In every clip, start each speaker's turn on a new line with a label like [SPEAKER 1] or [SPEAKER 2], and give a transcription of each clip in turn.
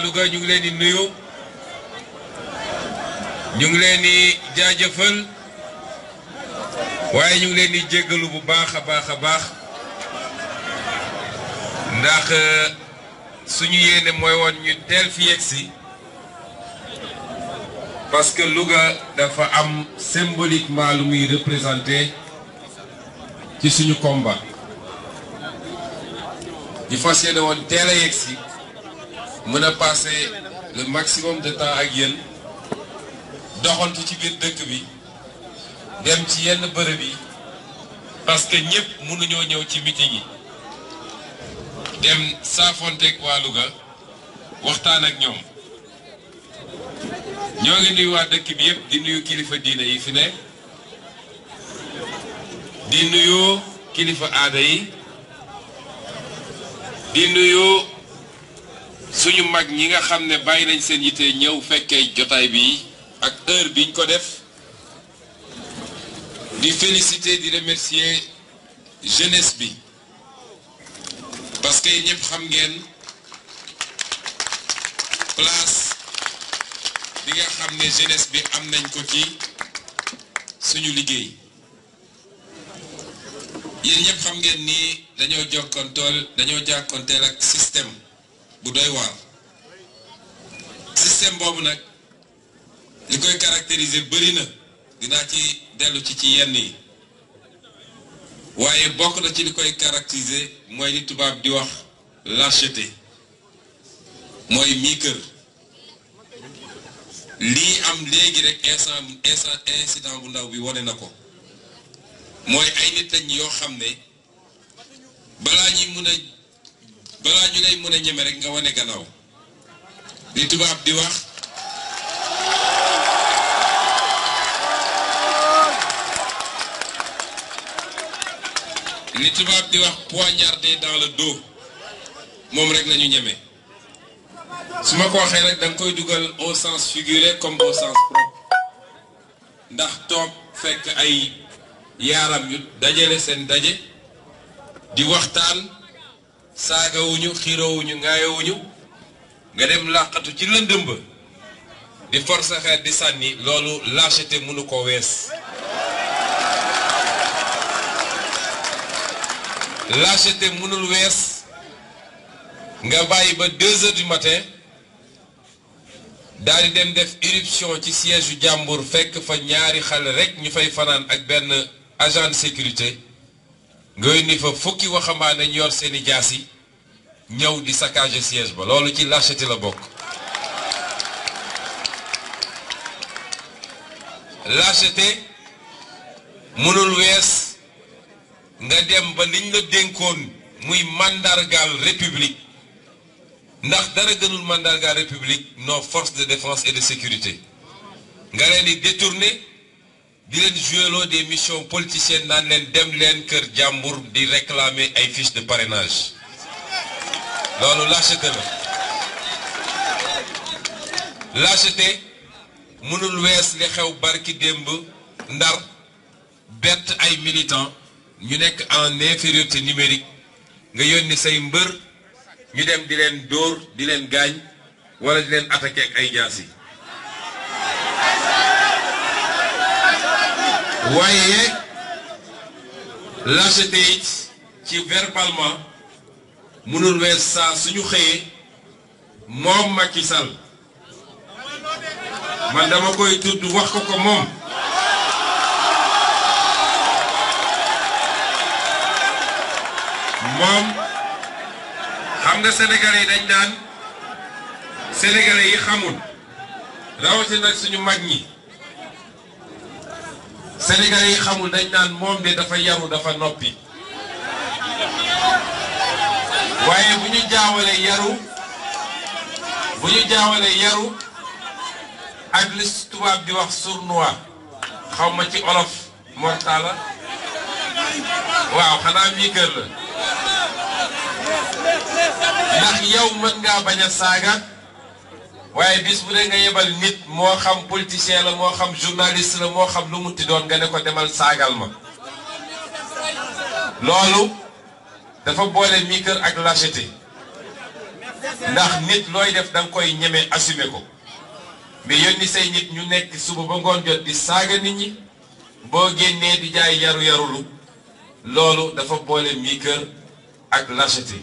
[SPEAKER 1] waa Louga ñu ngi leen di nuyu ñu ngi leen di jaajëfal waaye ñu ngi leen di jéggalu bu baax a baax a baax ndax euh, suñu yéene mooy woon ñu teel fi yegsi parce que Louga dafa am symboliquement lu muy représenté ci suñu combat di fas yéene woon teel a yegsi mën a passer le maximum de temps ak yéen doxantu ci biir dëkk bi dem ci yenn bërëb yi parce que ñëpp mënuñoo ñëw ci meeting yi dem saafonteeg waa Louga waxtaan ak ñoom ñoo ngi nuyu waa dëkk bi yëpp di nuyu kilifa diine yi fi ne di nuyu kilifa aada yi di nuyu. suñu mag ñi nga xam ne bàyyi nañ seen yite ñëw fekkee jotaay bi ak heure biñ ko def di féliciter di remercier jeunesse bi parce que ñëpp xam ngeen place bi nga xam ne jeunesse bi am nañ ko ci suñu liggéey yéen ñëpp xam ngeen ni dañoo jokkontool dañoo jàkkonteel ak système bu doy système bobu nak likoy caractériser bëri na dinaa ci delu ci ci yenn yi waye bokk na ci likoy caractériser moy ni tubab di wax lâcheté moy mi keur li am légui rek instant incident bu ndaw bi wane nako moy ay nit lañ yoo xam ne balaa ñuy balaa ñu lay mën a ñeme rek nga wane gannaaw li tubaab di wax li tubaab di wax poignardé dans le dos moom rek nañu ñeme su ma ko waxee rek danga koy dugal au sens figuré comme au sens propre ndax toog fekk ay yaaram yu dajale seen daje di waxtaan saagawuñu xiroowuñu ŋaayowuñu nga dem làqatu ci lëndëm ba di force xeet di sànni loolu lâcheté mënu ko wees lâcheté mënul wees nga bàyyi ba deux heures du matin daal di dem def éruption ci siège yu jàmbur fekk fa ñaari xale rek ñu fay fanaan ak benn agent sécurité nga fukki waxambaane ne seeni ñew di siège ba ci la bokk lâcheté mënul wees nga dem ba liñ la république ndax dara gënul république nos forces de défense et de sécurité nga leen di leen joueloo des missions politiciennes nan len dem len keur jambour di réclamer ay fiches de parrainage loolu lâcheté la lâcheté mënul wess li xew barki demb ndar bett ay militants ñu nek en infériorité numérique nga yónni say mbeur ñu dem di len door di len gaañ wala di len attaquer ak ay jaas waaye lâcheté it ci verbalement mënul wees saa suñu xëyee moom Macky Sall man dama koy tudd wax ko ko moom xam nga sénégalais yi dañ naan sénégalais yi xamul rawatina suñu mag ñi Sénégalais yi xamul dañ naan moom de dafa yaru dafa noppi waaye bu ñu jaawale yaru bu ñu jaawale yaru ak li tubaab di wax sournois xaw ma ci olof mortala waaw xanaa mii kër la ndax yow mën ngaa bañ a saaga waaye bis bu dee nga yebal nit moo xam politicien la moo xam journaliste la moo xam lu muti doon nga ne ko demal saagal ma loolu dafa boole miikër ak lâcheté ndax nit looy def da koy ñeme assumé ko mais yónni say nit ñu nekk suba ba ngoon jot di saaga nit ñi boo génnee di jaay yaru yarulu loolu dafa boole miikër ak lâcheté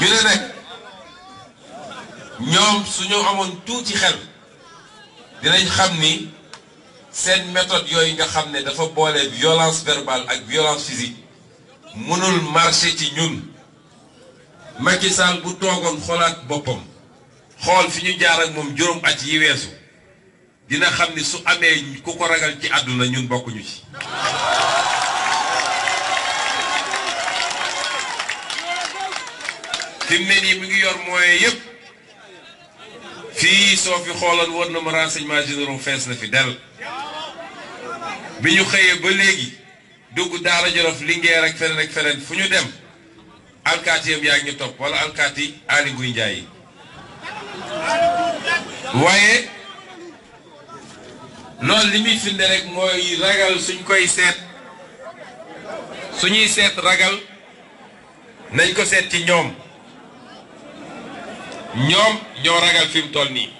[SPEAKER 1] ñu ne nag ñoom suñu amoon tuuti xel dinañ xam ni seen méthode yooyu nga xam ne dafa boole violence verbale ak violence physique mënul marse ci ñun Macky Sall bu toogoon xoolaat boppam xool fi ñu jaar ak moom juróom at yi weesu dina xam ni su amee ku ko ragal ci àdduna ñun bokkuñu ci fi ne nii mu ngi yor moyen yépp fii soo fi xooloon war na ma renseignement fees na fi del bi ñu xëyee ba léegi dugg Daara Jolof Linguère ak feneen ak feneen fu ñu dem alkaati yam yaa ngi topp wala alkaati Aly Ngouille Ndiaye waaye loolu li muy firnde mooy ragal suñ koy seet suñuy seet ragal nañ ko seet ci ñoom ñoom ñoo ragal fi mu toll nii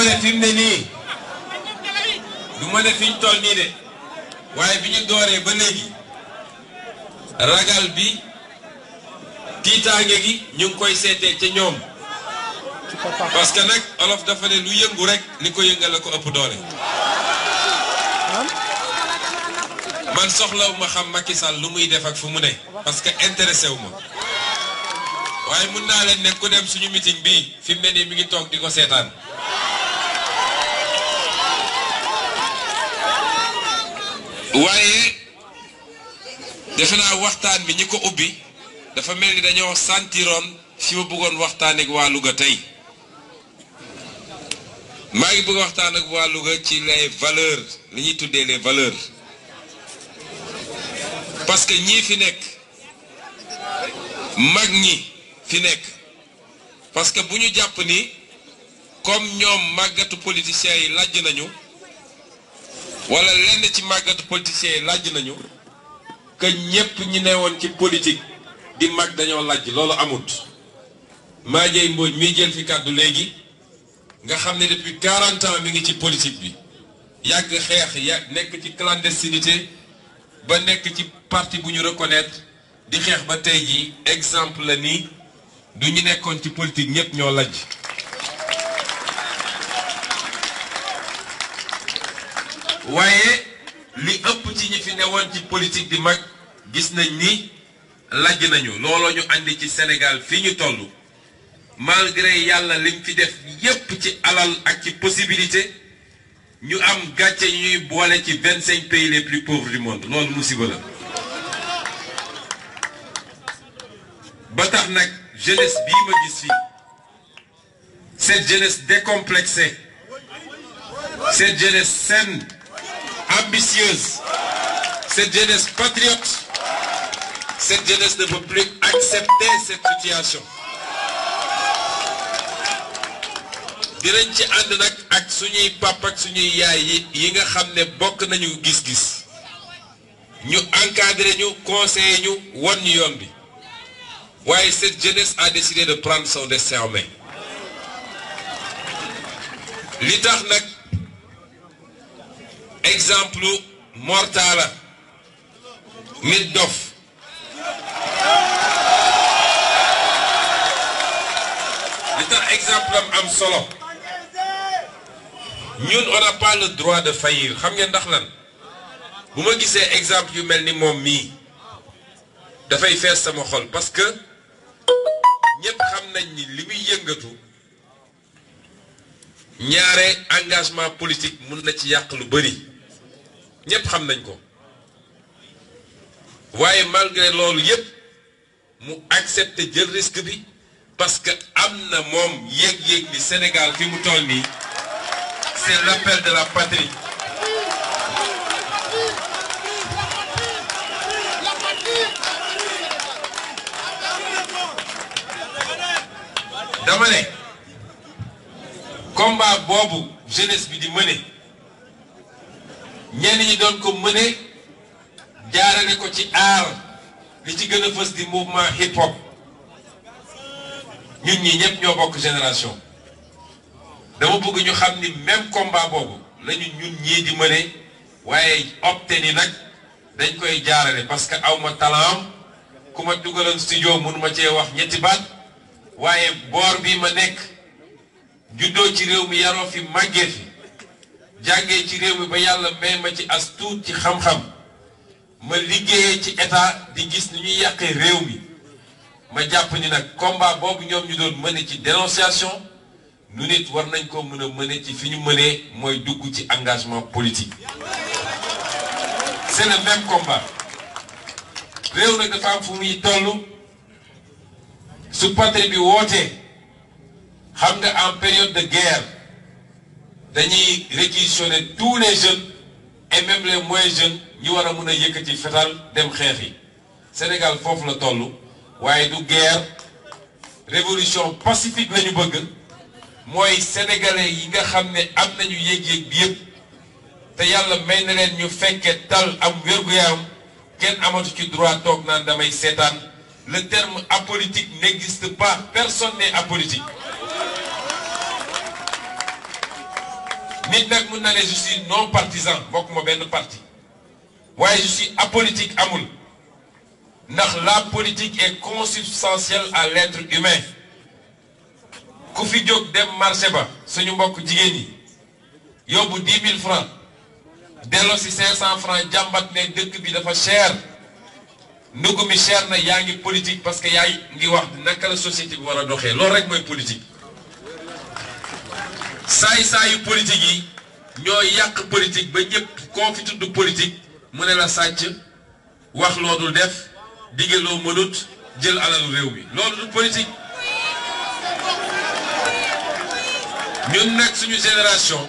[SPEAKER 1] ma ne fi mu nii ma ne fi ñu toll nii de waaye bi ñu dooree ba léegi ragal bi tiitaange gi ñu ngi koy seetee ci ñoom parce que nag olof dafa ne lu yëngu rek li ko yëngal la ko ëpp doole man soxlaw ma xam Macky Sall lu muy def ak fu mu ne parce que intéressé wu ma waaye mun naa leen ne dem suñu meeting bi fi mu ne nii mi ngi toog di ko seetaan waaye defe naa waxtaan bi ñi ko ubbi dafa mel ni dañoo santiroon fi ma bëggoon waxtaan ak waa Louga tey maa ngi bëgg waxtaan ak waa Louga ci les valeurs li ñuy tuddee les valeur parce que ñii fi nekk mag ñi fi nekk parce que bu ñu jàpp ni comme ñoom màggatu politiciens yi lajj nañu wala lenn ci màggatu politiciens yi laaj nañu que ñépp ñi newoon ci politique di mag dañoo laaj loolu amut maa jey Mbodj miy jël fi kàddu léegi nga xam ne depuis 40 ans ngi ci politique bi yàgg xeex ya nekk ci clandestinité ba nekk ci parti bu ñu reconnaître di xeex ba tey yi exemple la nii du ñu nekkoon ci politique ñépp ñoo laaj waaye li ëpp ci ñi fi newoon ci politique di mag gis nañ ni lajj nañu looloo ñu andi ci Sénégal fii ñu toll malgré yalla lim fi def yépp ci alal ak ci possibilité ñu am gàcce ñuy bolé ci 25 pays les plus pauvres du monde loolu musiba la ba tax nak jeunesse bi ma gis fii cette jeunesse décomplexée cette jeunesse saine ambitieuse, cette jeunesse patriote, cette jeunesse ne peut plus accepter cette situation. dinañ ci ànd nag ak suñuy papa ak suñuy yaay yi nga xam bok nañu gis-gis ñu encadré ñu conseillé ñu won ñu yoon cette jeunesse a décidé de prendre son destin en main li tax nak exemple Mortala Nit C'est un exemple am am solo ñun on n'a pas le droit de faillir xam ngeen ndax lan buma ma exemple yu melni mom mi da fay fees sama xol parce que ñepp xam nañ ni li yëngatu ñaare engagement politique mën na ci yaq lu bari ñepp xam nañ ko malgré loolu yépp mu accepté jël risque parce que Sénégal fi mu toll c'est l'appel de la patrie dama combat boobu jeunesse bi ñenn ñi doon ko mëne jaarale ko ci aar li ci gën a fës di mouvement hip hop ñun ñi ñëpp ñoo bokk génération dama bëgg ñu xam ni même combat boobu la ñun ñii di mëne waaye opte ni nag dañ koy jaarale parce que aw ma talaam ku ma dugaloon studio mënu ma cee wax ñetti baat waaye boor bii ma nekk juddoo ci réew mi yaroo fi màggee fi Je ci réew mi ba yàlla may ma ci as ci xam-xam ma liggéeyee ci état di gis ni ñuy yàqee réew ma ni combat boobu ñoom ñu doon ci dénonciation war nañ ko a ci engagement politique c'est le même combat réew nag dafa fu muy en période de guerre dañuy réquisitionner tous les jeunes et même les moins jeunes ñu war a mun a yëkkati fetal dem xeex yi Sénégal foofu la toll waaye du guerre révolution pacifique lañu bëgg mooy sénégalais yi nga xam ne am nañu yëg-yëg bi yëpp te yàlla may na leen ñu fekke tal am wér-gu-yaram kenn amatu ci droit toog naan damay seetaan le terme apolitique n'existe pas personne n'est apolitique je suis non partisan parti je suis apolitique amul la politique est consubstantielle à l'être humain Si vous avez dem marché ba suñu mbokk jigéen yi 500 francs vous avez francs jambat ne dëkk bi dafa cher Nous, mi cher na yaangi politique parce que nous ngi wax naka la société bi wara doxé rek politique ça, saayu politique Nous yak politique ba ñëpp politiques, du politique mu ne la avons wax loo nous def une nous politique nous génération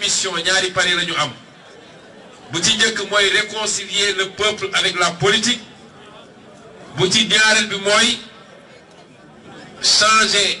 [SPEAKER 1] mission nous am réconcilier le peuple avec la politique Nous ci changer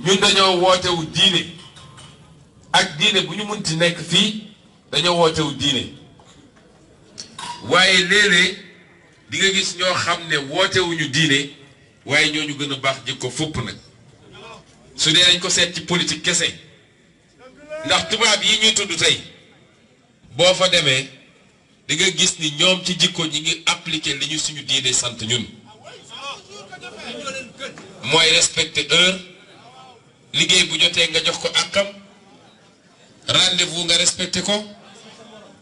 [SPEAKER 1] ñun dañoo wootewu diine ak diine bu ñu munti nekk fii dañoo wootewu diine waaye léeg-léeg di nga gis ñoo xam ne wootewuñu diine waaye ñoo ñu gën a baax jikko fupp nag su dee dañ ko seet ci politique kese ndax tubaab yi ñuy tudd tey boo fa demee di nga gis ni ñoom ci jikko ñi ngi appliquer li ñu suñu diine sant ñun mooy respecter heure liggéey bu jotee nga jox ko àqam rendez-vous nga respecté ko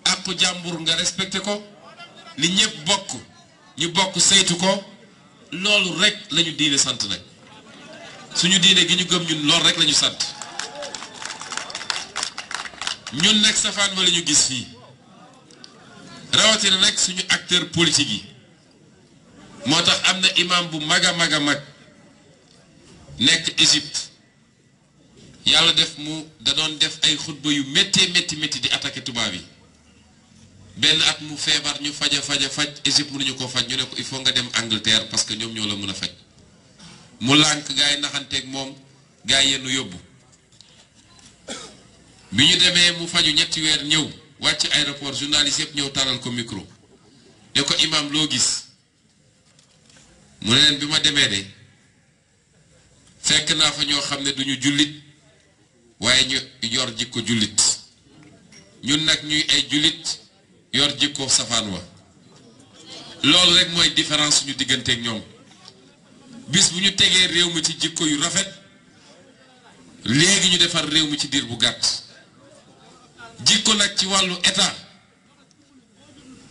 [SPEAKER 1] àqu jàmbur nga respecté ko ni ñëpp bokk ñu bokk saytu ko loolu rek lañu diine sant nag suñu diine gi ñu gëm ñun loolu rek lañu sant ñun nag safaan ba ñu gis fii rawatina nag suñu acteur politique yi moo tax am na imam bu mag a mag a mag nekk Égypte yàlla def mu da def ay xutba yu méttee métti métti di attaqué tubaab yi benn at mu feebar ñu faja a faj a faj Égypte ko faj ñu ko il faut nga dem Angleterre que ñoom ñoo la mën a faj mu lànk gars yi naxanteeg moom gars yi yóbbu bi ñu demee mu faju ñetti weer ñëw wàcc aéroport journaliste yëpp ñëw taral ko micro ne ko imaam loo gis mu ne leen bi ma demee de fekk naa fa ñoo xam ne duñu jullit waaye ñu yor jikko jullit ñun nag ñuy ay jullit yor jikko safaan wa loolu rek mooy différence suñu digganteek ñoom bis bu ñu tegee réew mi ci jikko yu rafet léegi ñu defar réew mi ci diir bu gàtt jikko nag ci wàllu état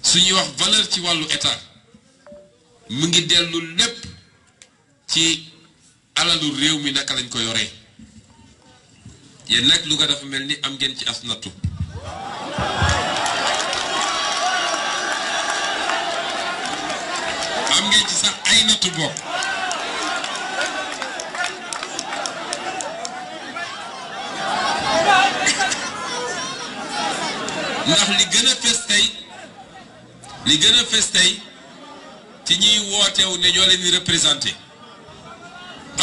[SPEAKER 1] suñuy wax valeur ci wàllu état mu ngi dellu lépp ci alalu réew mi naka lañ ko yoree yéen nag Louga dafa mel ni am ngeen ci as am
[SPEAKER 2] ngeen ci sax ay natu bokk
[SPEAKER 1] ndax li gën a fes tey li gën a fes tey ci ñuy wootew ne ñoo leen di représenté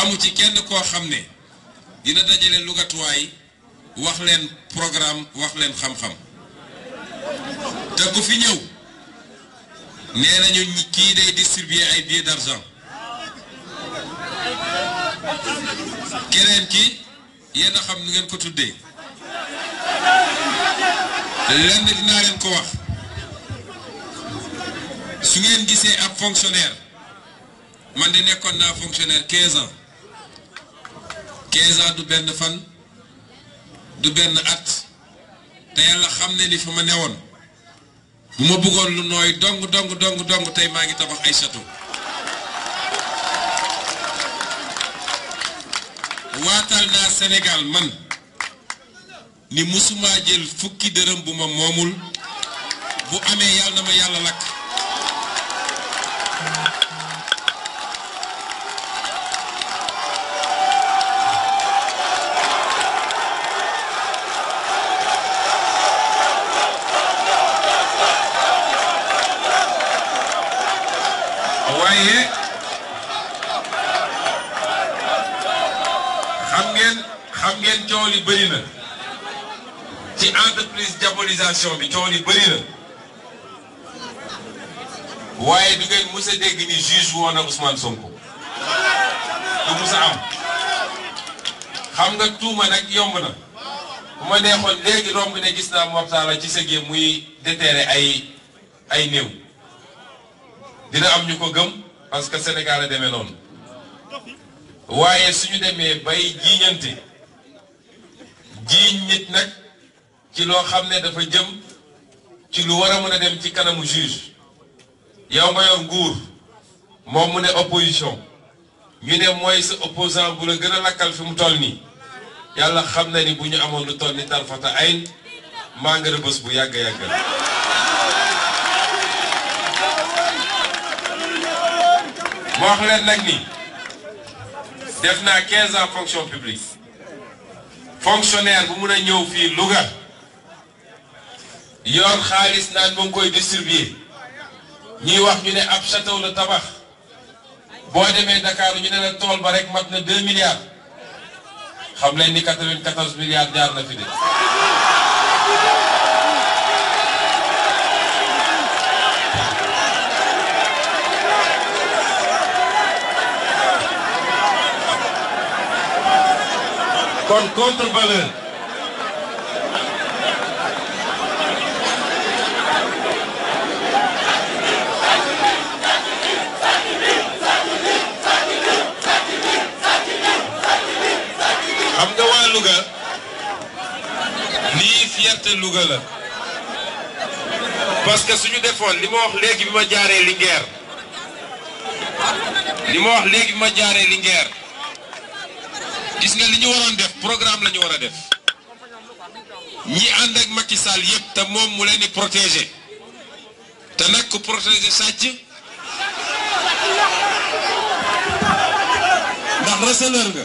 [SPEAKER 1] amu ci kenn koo xam ne dina dajale lugatuwaay wax leen programme wax leen xam-xam te fi ñëw nee nañu kii day distribuer ay billets d'argent keneen ki yéen xam nu ngeen ko tuddee lenn dinaa leen ko wax su ngeen gisee ab fonctionnaire man di nekkoon naa fonctionnaire quinze ans. quinze du benn fan du benn at te yàlla xam ne ni fa ma newoon bu ma bëggoon lu nooy dong dong dong dong tey maa ngi tabax ay château waatal naa Sénégal man ni mësumaa jël fukki dërëm bu ma moomul bu amee yàlla ma yàlla lakk bi coow li bëri na waaye du ngeen mës a dégg ni juge woon na Ousmane Sonko du mës a am xam nga tuuma nag yomb na ma neexoon léegi romb ne gis naa Mame Talla ci sëgee muy déterré ay néew dina am ñu ko gëm parce que Sénégal a demee noonu waaye suñu demee bay jiiñante jiiñ nit nag ci loo xam ne dafa jëm ci lu war a mën a dem ci kanamu juge yow mayor nguur moom mu ne opposition ñu ne mooy sa opposant bu la gën a lakkal fi mu toll nii yàlla xam na ni bu ñu amoon lu toll ni tarfata ayn maa nga bés bu yàgg yàgg moo wax leen nag ni def naa 15 ans fonction publique fonctionnaire bu mun a ñëw fii Louga yor xaalis naan mu ngi koy distribuer ñuy wax ñu ne ab château la tabax boo demee Dakar ñu ne la tool ba rek mat na 2 milliards xam leen ni 94 milliards jaar na fi de. kon contre xam nga waa Louga lii fierté Louga la parce que suñu defoon li ma wax léegi bi ma jaaree Linguère li ma wax ma jaaree Linguère gis nga li ñu waroon def programme lañu ñu war a def ñi ànd ak Macky Sall yëpp te moom mu leen di protéger te nag ku protéger sàcc
[SPEAKER 2] ndax receleur nga.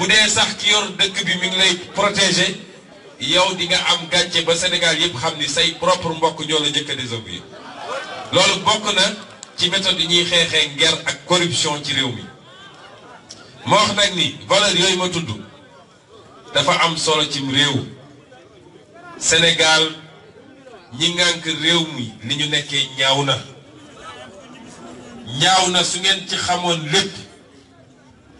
[SPEAKER 1] bu dee sax ki yor dëkk bi mi ngi lay protéger yow di nga am gàcce ba Sénégal yëpp xam ni say propre mbokk ñoo la njëkk a yi loolu bokk na ci méthode yi ñuy xeexee nger ak corruption ci réew mi moo wax nag ni valeur yooyu ma tudd dafa am solo ci réew Sénégal ñi ngànk réew mi li ñu nekkee ñaaw na ñaaw na su ngeen ci xamoon lépp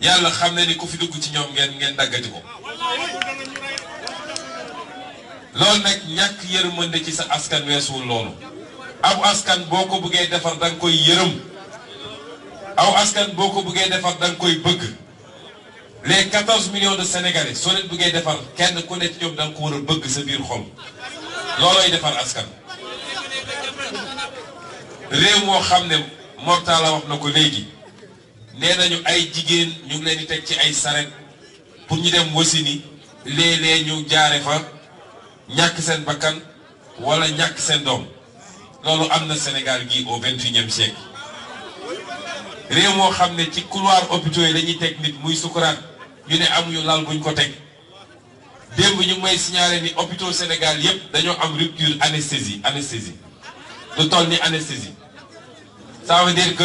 [SPEAKER 1] yàlla xam na ni ku fi dugg ci ñoom ngeen ngeen daggati ko loolu nag ñàkk yërmande ci sa askan weesuwul loolu aw askan boo ko buggee defar da koy yërëm aw askan boo ko bëggee defar da nga koy bëgg les 14 million de sénégalais soo leen bëggee defar kenn ku nekk ñoom da nga war a bëgg sa biir xol loolooy defar askan réew moo xam ne Mortalla wax na ko léegi nee ñu ay jigéen ñu ngi leen di teg ci ay saret pour ñu dem wasini léeg-léeg ñu jaare fa ñàkk seen bakkan wala ñàkk seen doom loolu am na Sénégal gi au vingt-et-unième réew moo xam ne ci couloir hôpitaux yi lañuy teg nit muy sukuraat ñu ne amuñu lal buñ ko teg démb ñu may signalé ni hôpitaux Sénégal yépp dañoo am rupture anesthésie anesthésie lu toll ni anesthésie ça veut dire que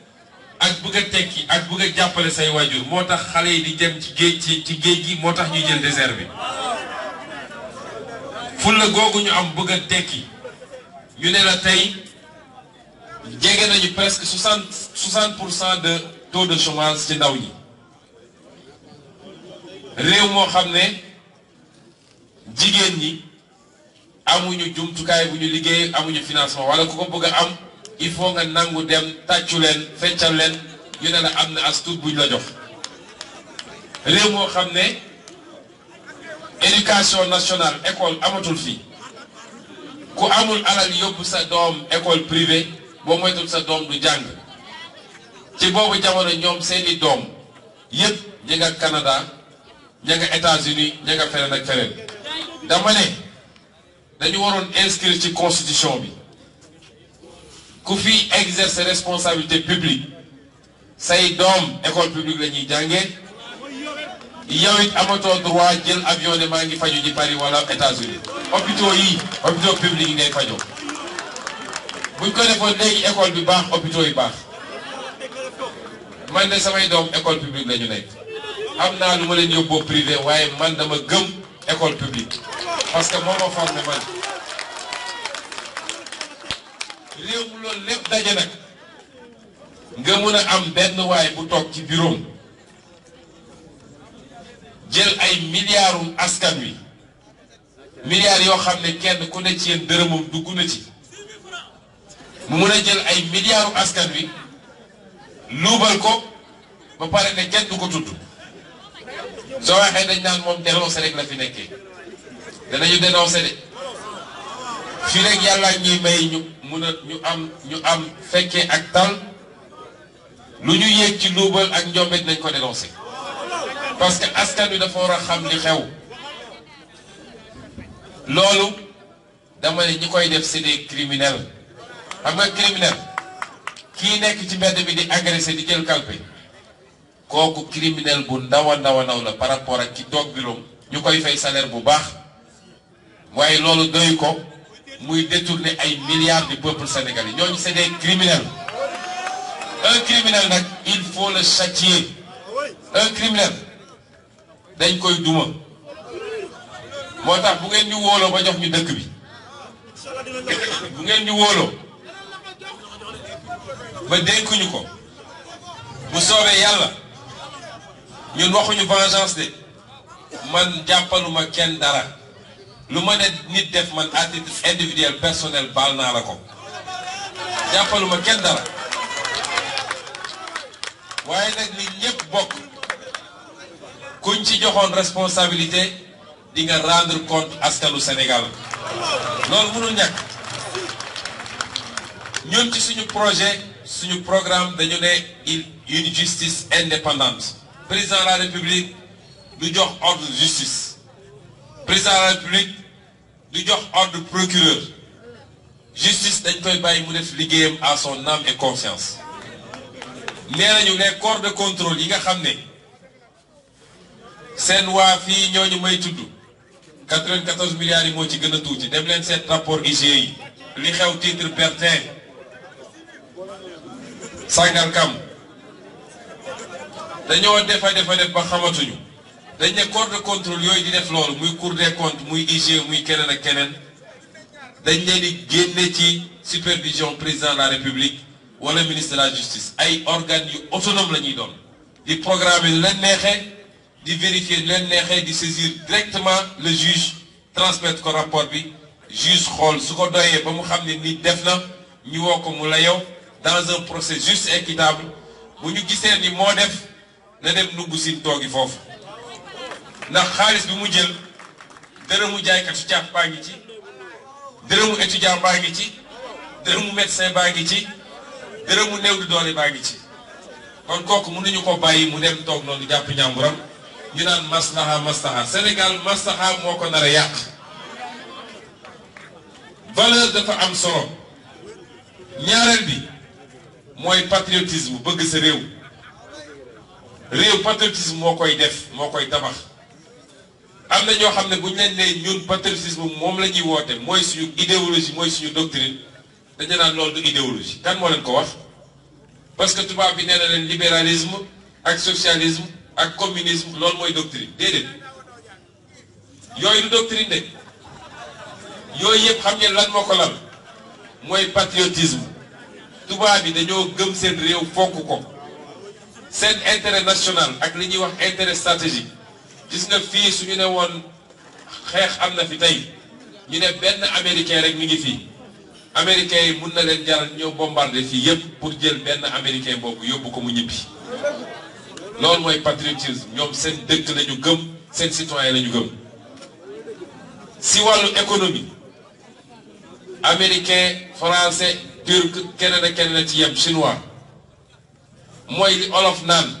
[SPEAKER 1] ak bëgg a tekki ak bëgg a jàppale say waajur moo tax yi di dem ci géej ci géej gi moo tax ñu jël désert bi fulla googu ñu am bëgg a ñu ne la tey nañu presque 60 60% de taux de chômage ci ndaw ñi réew moo xam ne jigéen ñi amuñu jumtukaay bu ñu liggéey amuñu financement wala ku ko bëgg am il faut que nous dem tàccu len feccal len yu la as buñ la éducation nationale école amatul fi ku amul alal yob sa dom école privée ça moytul sa dom du ci jamono seeni Canada États-Unis dama dañu inscrire constitution Koufi exerce exercer responsabilité publique say doom école publique Il y a eu it amatoo droit jël avion de maa ngi faju ji Paris wala États-Unis hôpitaux yi hôpitaux publics pas ngay Vous buñ ko defoon léegi école bi baax hôpitaux yi baax man samay doom école publique la ñu Amna, nous voulons lu ma leen privé waaye man dama gëm école publique parce que moo ma formé man. réew loolu lépp daje nag nga mën a am benn waay bu toog ci bureau jël ay milliards askan wi milliards yoo xam ne kenn ku ne ci yéen dërëmam dugg na ci mu mën a jël ay milliards askan wi luubal ko ba pare ne kenn ko tudd soo waxee dañ naan moom dénoncé la fi nekkee danañu dénoncé fii rek yàlla ñuy may ñu mun a ñu am ñu am fekkee ak tal lu ñu yéeg ci luubal ak njombe nañ ko dénoncé parce que askan bi dafa war a xam li xew loolu dama ne ñi koy def c'est des criminels xam nga criminel kii nekk ci mbedd bi di agressé di jël kalpe kooku criminel bu ndaw a ndaw ndaw la par rapport ak ki toog biroom ñu koy fay salaire bu baax waaye loolu doy ko muy détourner ay milliards du peuple sénégalais ñoo c'est des criminels un criminel nak il faut le châtier un criminel dañ koy duma motax bu ngeen ñu wolo ba jox ñu dëkk bi bu ngeen ñu wolo ba dénkuñu ko bu soobee yàlla ñun waxuñu vengeance de man jàppaluma kenn dara lu ne nit def man à titre individuel personnel baal naa la ko jàppaluma kenn dara waye nag nit ñepp bokk kuñ ci joxone responsabilité di nga rendre compte askanu Sénégal loolu mënul ñak ñun ci suñu projet suñu programme dañu né une justice indépendante président de la république du jox ordre de justice président de la république du jox ordre procureur justice dañ koy à son âme et conscience nous nañu les corps de contrôle yi nga xam ne seen waa ñooñu may tudd 94 milliards yi moo ci gën a tuuti dem leen corps rapport contrôle. yi li xew titre de Sangalkam Nous avons defa def ba xamatuñu dañ ne corps de contrôle yooyu di def loolu muy cour des comptes muy IG muy keneen ak keneen dañ leen di génne ci supervision président de la république wala ministre de la justice ay organes yu autonome la ñuy doon di programme lu leen neexee di vérifier lu leen neexee di saisir directement le juge transmettre ko rapport bi juge xool su ko doyee ba mu xam ne ni def na ñu woo ko mu la yow dans un procès juste et équitable bu ñu gisee ni moo def na dem nugg sin toogi foofu ndax xaalis bi mu jël dërëmu jaaykatu caaf baa ngi ci dërëmu étudiant baa ngi ci dërëmu médecin baa ngi ci dërëmu new di doole baa ngi ci kon kooku mënuñu ko bàyyi mu dem toog noonu jàpp ñàmburam ñu naan maslaha maslaha Sénégal maslaha moo ko nar a yàq valeur dafa am solo ñaareel bi mooy patriotisme bëgg sa réew réew patriotisme moo koy def moo koy tabax am na ñoo xam ne bu ñu leen nee ñun patriotisme moom la ñuy woote mooy suñu idéologie mooy suñu doctrine dañu naan loolu du idéologie kan moo leen ko wax parce que tubaab bi nee na leen libéralisme ak socialisme ak communisme loolu mooy doctrine déedéet yooyu du doctrine de yooyu yëpp xam ngeen lan moo ko lal mooy patriotisme tubaab bi dañoo gëm seen réew fonk ko seen intérêt national ak li ñuy wax intérêt stratégique. gisna fi suñu su ñu ne woon xeex am fi tay ñu ne ben américain rek mi ngi fi américain yi mën na len jaral ñoo bombarder fi yépp pour jël ben américain boobu yóbbu ko mu ñibi lool moy patriotisme ñom seen dëkk lañu gëm seen citoyen lañu gëm si walu économie américain français turc keneen ak keneen ci yem chinois moy li olof naan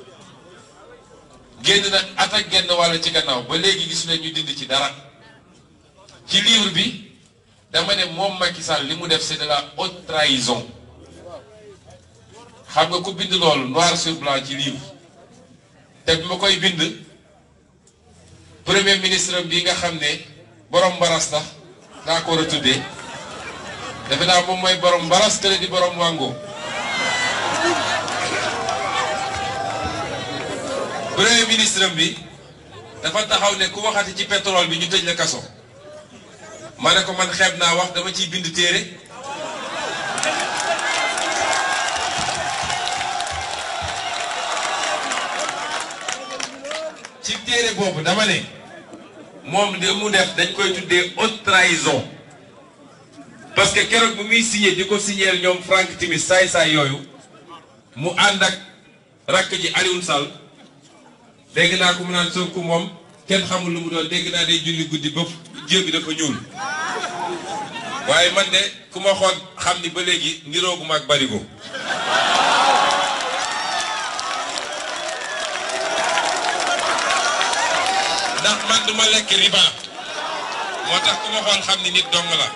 [SPEAKER 1] génn nag at ak genn wàll ci gannaaw ba léegi gis nañ ñu dind ci dara ci livre bi dama ne moom Macky Sall li mu def c'est de la haute trahison xam nga ku bind loolu noir sur ci livre te bi ma koy bind premier ministre bi nga xam ne borom mbaras tax naa ko war a tuddee defe naa moom mooy borom mbaras kële di borom wàngoo premier ministre bi dafa taxaw ne ku waxati ci pétrole bi ñu tëj la kaso ma ne ko man xeeb naa wax dama ciy bind téere ci téere boobu dama ne moom de mu def dañ koy tuddee haute trahison parce que keroog bu muy signé di ko signeel ñoom Frank Timis saay-saay yooyu mu ànd ak rakk ji Alioune Sall léegi naa ko mu naan Sonko moom kenn xamul lu mu doon dégg naa day julli guddi ba jéem bi dafa ñuul waaye man de ku ma xool xam ni ba léegi niroogu ma ak barigo ndax man du ma lekk riba moo tax ku ma xool xam ni nit dong la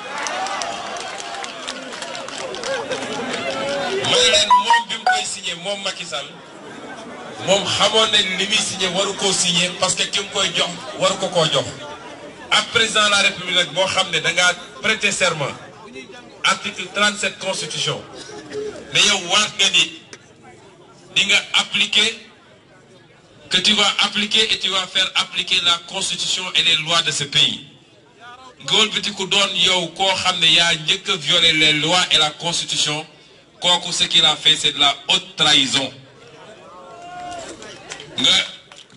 [SPEAKER 1] ma leen moom bi mu koy signé moom Macky Sall Mon xamone ne li pas signé waru koo signé parce que kim koy jox waru ko À jox la république nag boo xam da nga prêter serment article 37 constitution mais yow war nga ni di nga appliquer que tu vas appliquer et tu vas faire appliquer la constitution et les lois de ce pays bi ti ku doon yow ko xamné ya yaa violer les lois et la constitution que ce qu'il a fait c'est de la haute trahison nga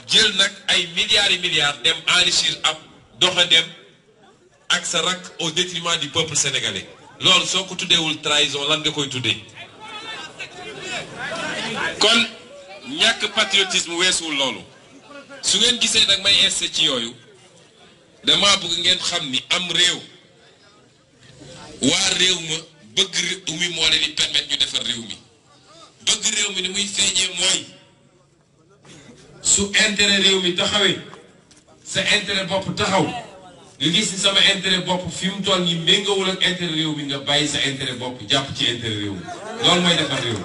[SPEAKER 1] jël nak ay milliards et milliards dem enrichir ak sa au détriment du peuple sénégalais lool soko de trahison lan nga koy kon patriotisme weesuwul vous su ngeen gisé nak may ci dama bëgg ngeen xam ni am ma bëgg permettre ñu mi bëgg mi muy moy. su intérêt réew mi taxawee sa intérêt bopp taxaw nga gis ni sama intérêt bopp fi mu toll nii méngawul ak intérêt réew mi nga bàyyi sa intérêt bopp jàpp ci intérêt réew mi loolu mooy defar réew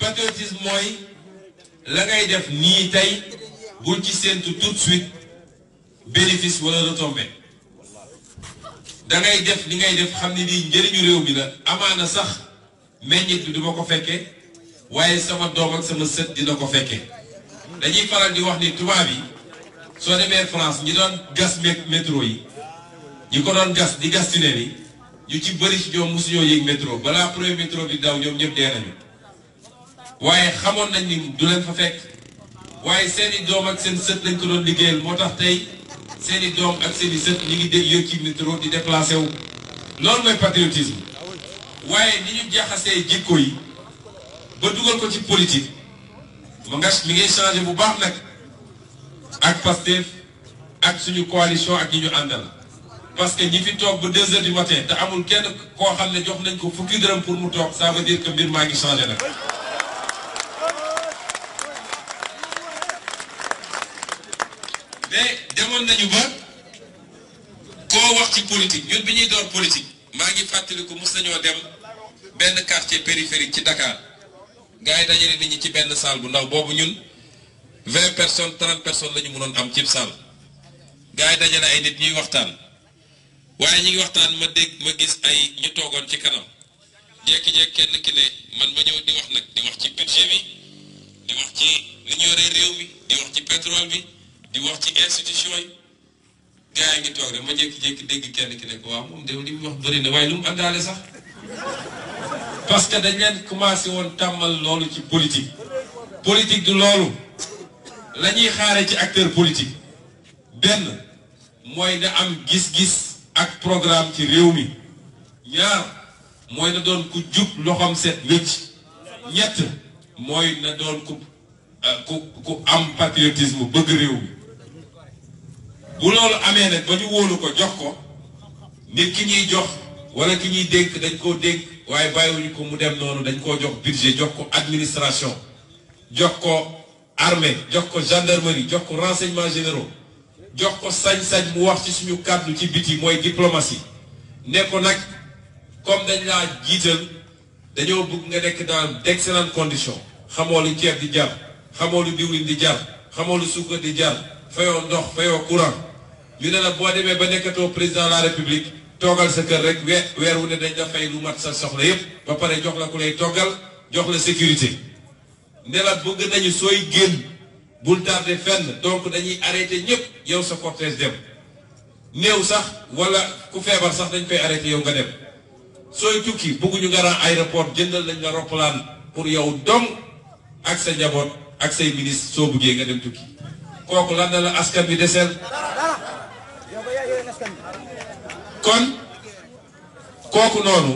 [SPEAKER 1] patriotisme mooy la ngay def nii tey bul ci seen tout de suite bénéfice wala retombée da ngay def li ngay def xam ne lii njëriñu réew mi la amaana sax meññit bi duma ko fekkee waye sama un ak sama seut dina ko fekke dañuy faral di wax ni que France gas métro yi ñi ko doon gas di gas ni ci métro premier métro bi daw ñoom ñep dee nañu waaye xamoon nañ ni du leen fa fekk waye seeni dom ak seen seut lañ ko doon liggéeyal motax tay seeni dom ak seen seut ñi ngi dégg ci di déplacer wu. patriotisme waye ni ñu jikko ba dugal ko ci politique ma nga mi ngay changé bu baax nag ak Pastef ak suñu coalition ak ñu andal. parce que ñi fi tok bu 2h du matin te amul kenn ko xam ne jox nañ ko fukki dërëm pour mu tok, ça veut dire que bir maa ngi changé nag mais demoon nañu ba ko wax ci politique ñun biñuy door politique maa ngi ko mos nañoo dem ben quartier périphérique ci Dakar gaa yi dajale nit ñi ci benn salle bu ndaw boobu ñun vingt personnes trente personnes la ñu mënoon am cib salle gars yi dajale ay nit ñuy waxtaan waaye ñi ngi waxtaan ma dégg ma gis ay ñu toogoon ci kanam jékki-jékki kenn ki ne man ma ñëw di wax ci budget bi di ci li ñu di wax ci pétrole bi ngi toog ma jékki-jékki dégg kenn ki ne ko waaw moom de wax bëri waaye lu mu àndaale sax. parce que dañ leen commencé woon tàmmal loolu ci politique politique du loolu la xaare ci acteur politique benn mooy na am gis-gis ak programme ci réew mi ñaar mooy na doon ku jub loxoom set wécc ñett mooy na doon ku euh, ku ku am patriotisme bëgg réew mi bu loolu amee nag ba ñu wóolu ko jox ko nit ki ñuy jox wala ki ñuy dénk dañ koo dénk waaye bàyyiwuñu ko mu dem dañ jox budget jox ko administration jox ko armée jox ko gendarmerie généraux jox ko sañ-sañ mu wax ci suñu diplomatie ne comme dañ nga dans d'excellentes conditions xamoo di jar xamoo lu di jar di jar courant ne la boo demee ba président de la république toogal sa kër rek weer weer wu ne dañ la fay lu mat sa soxla yépp ba pare jox la ku lay toggal jox la sécurité ne la bëgg nañu sooy génn bul tardé fenn donc dañuy arrêté ñëpp yow sa cortège dem néew sax wala ku feebar sax dañ koy arrêté yow nga dem sooy tukki bëgguñu nga raa aéroport jëndal lañ la roppalaan pour yow dong ak sa njaboot ak say ministre soo buggee nga dem tukki kooku lan la bi deseel kon kooku noonu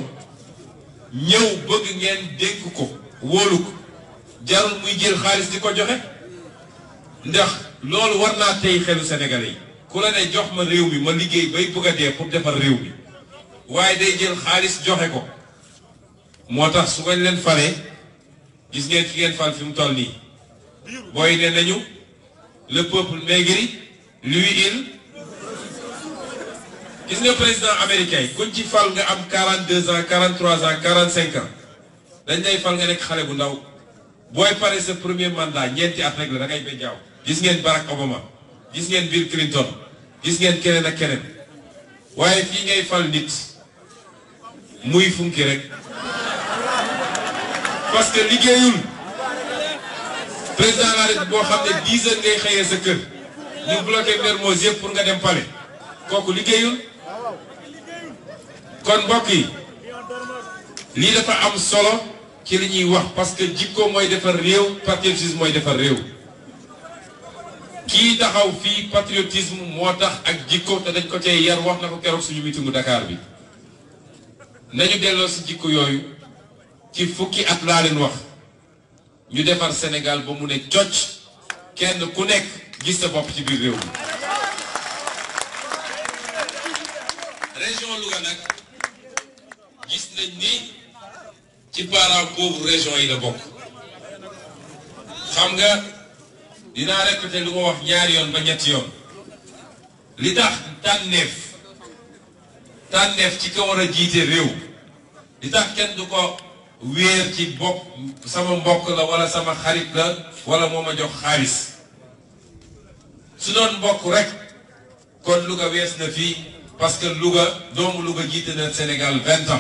[SPEAKER 1] ñëw bëgg ngeen dénk ko wóolu ko jarul muy jël xaalis di ko joxe ndax loolu war naa tey xelu sénégalais yi ku la ne jox ma réew mi ma liggéey bay bëgg a dee pour defar réew mi waaye day jël xaalis joxe ko moo tax su ngeen leen falee gis ngeen ki ngeen fal fi mu toll nii booy ne nañu le peuple maigri lui il gis nga président américain yi ci fal nga am 42 ans 43 ans 45 ans dañ lay fal nga nekk xalé bu ndaw boy paré ce premier mandat ñeenti at rek la ngay ba jaaw gis ngeen Barack Obama gis ngeen Bill Clinton gis ngeen keneen ak keneen waye fi ngay fal nit muy funki rek parce que liggéeyul président la République boo xam 10 heures ngay xeyé sa kër ñu bloqué Mermoz yëpp pour nga dem palais kooku liggéeyul. kon mbokk yi lii dafa am solo ci li ñuy wax parce que jikko mooy defar réew patriotisme mooy defar réew kii taxaw fii patriotisme moo tax ak jikko te dañ ko cee yar wax na ko keroog suñu mitingu Dakar bi nañu delloo si jikko yooyu ci fukki at laa leen wax ñu defar Sénégal ba mu ne cocc kenn ku nekk gis sa bopp ci biir réew mi région Louga nag gis nañ ni ci parents pauvres région yi la bokk xam nga dinaa répété lu ma wax ñaari yoon ba ñetti yoon li tax tànneef tànneef ci ka war a jiite réew li tax kenn du ko wéer ci bopp sama mbokk la wala sama xarit la wala moo ma jox xaalis su doon mbokk rek kon Louga wees na fii parce que Louga doomu Louga jiite na Sénégal vingt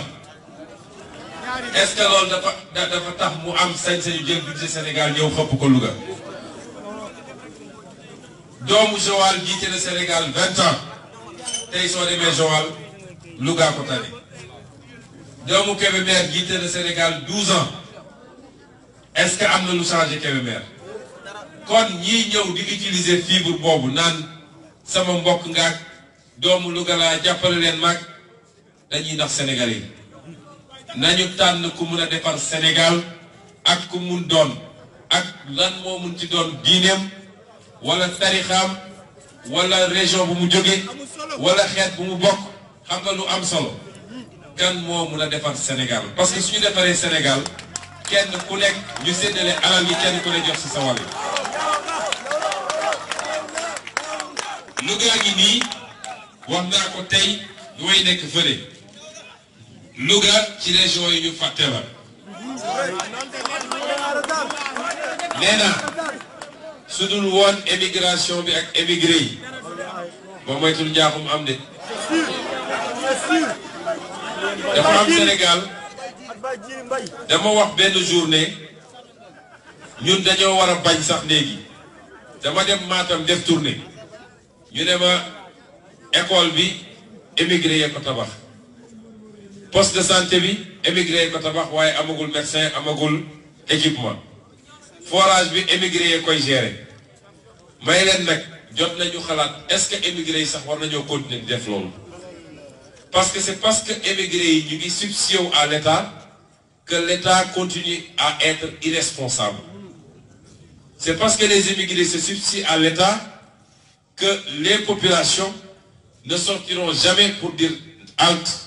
[SPEAKER 1] est-ce que loolu dafa dafa tax mu am sañ-sañu jël budget Sénégal ñëw xëpp ko Louga doomu Joal jiite na Sénégal vingt ans tey soo demee Joal Louga ko tane doomu Kébémer jiite na Sénégal douze ans est-ce que am na lu changé Kébémer kon ñii ñëw di utiliser fibre boobu naan sama mbokk ngaak doomu Louga laa jàppale leen maag dañuy nax Sénégalais yi nañu tànn ku mun a defar Sénégal ak ku mun doon ak lan moo mun ci doon diineem wala tarixaam wala région bu mu jóge wala xeet bu mu bokk xam nga lu am solo kan moomu mun a defar Sénégal parce que suñu defaree Sénégal kenn ku nekk ñu séddale alal yi kenn ku ne jox si sa wàll Louga ngi nii wax naa ko tey lu nekk fële Louga ci région yi ñu fàtte la nee su dul woon émigration bi ak émigré yi ba moytul njaaxum am de
[SPEAKER 2] dafa am Sénégal
[SPEAKER 1] dama wax benn journée ñun dañoo war a bañ sax léegi dama dem Matam def tournée ñu ne ma école bi émigré yee ko tabax poste de santé bi émigré ko amagul médecin amagul équipement forage bi émigré koy gérer may len nak jot nañu est-ce que émigré sax war nañu continuer parce que c'est parce que émigré yi ñu à l'État que l'État continue à être irresponsable c'est parce que les émigrés se substituent à l'État que les populations ne sortiront jamais pour dire halt ».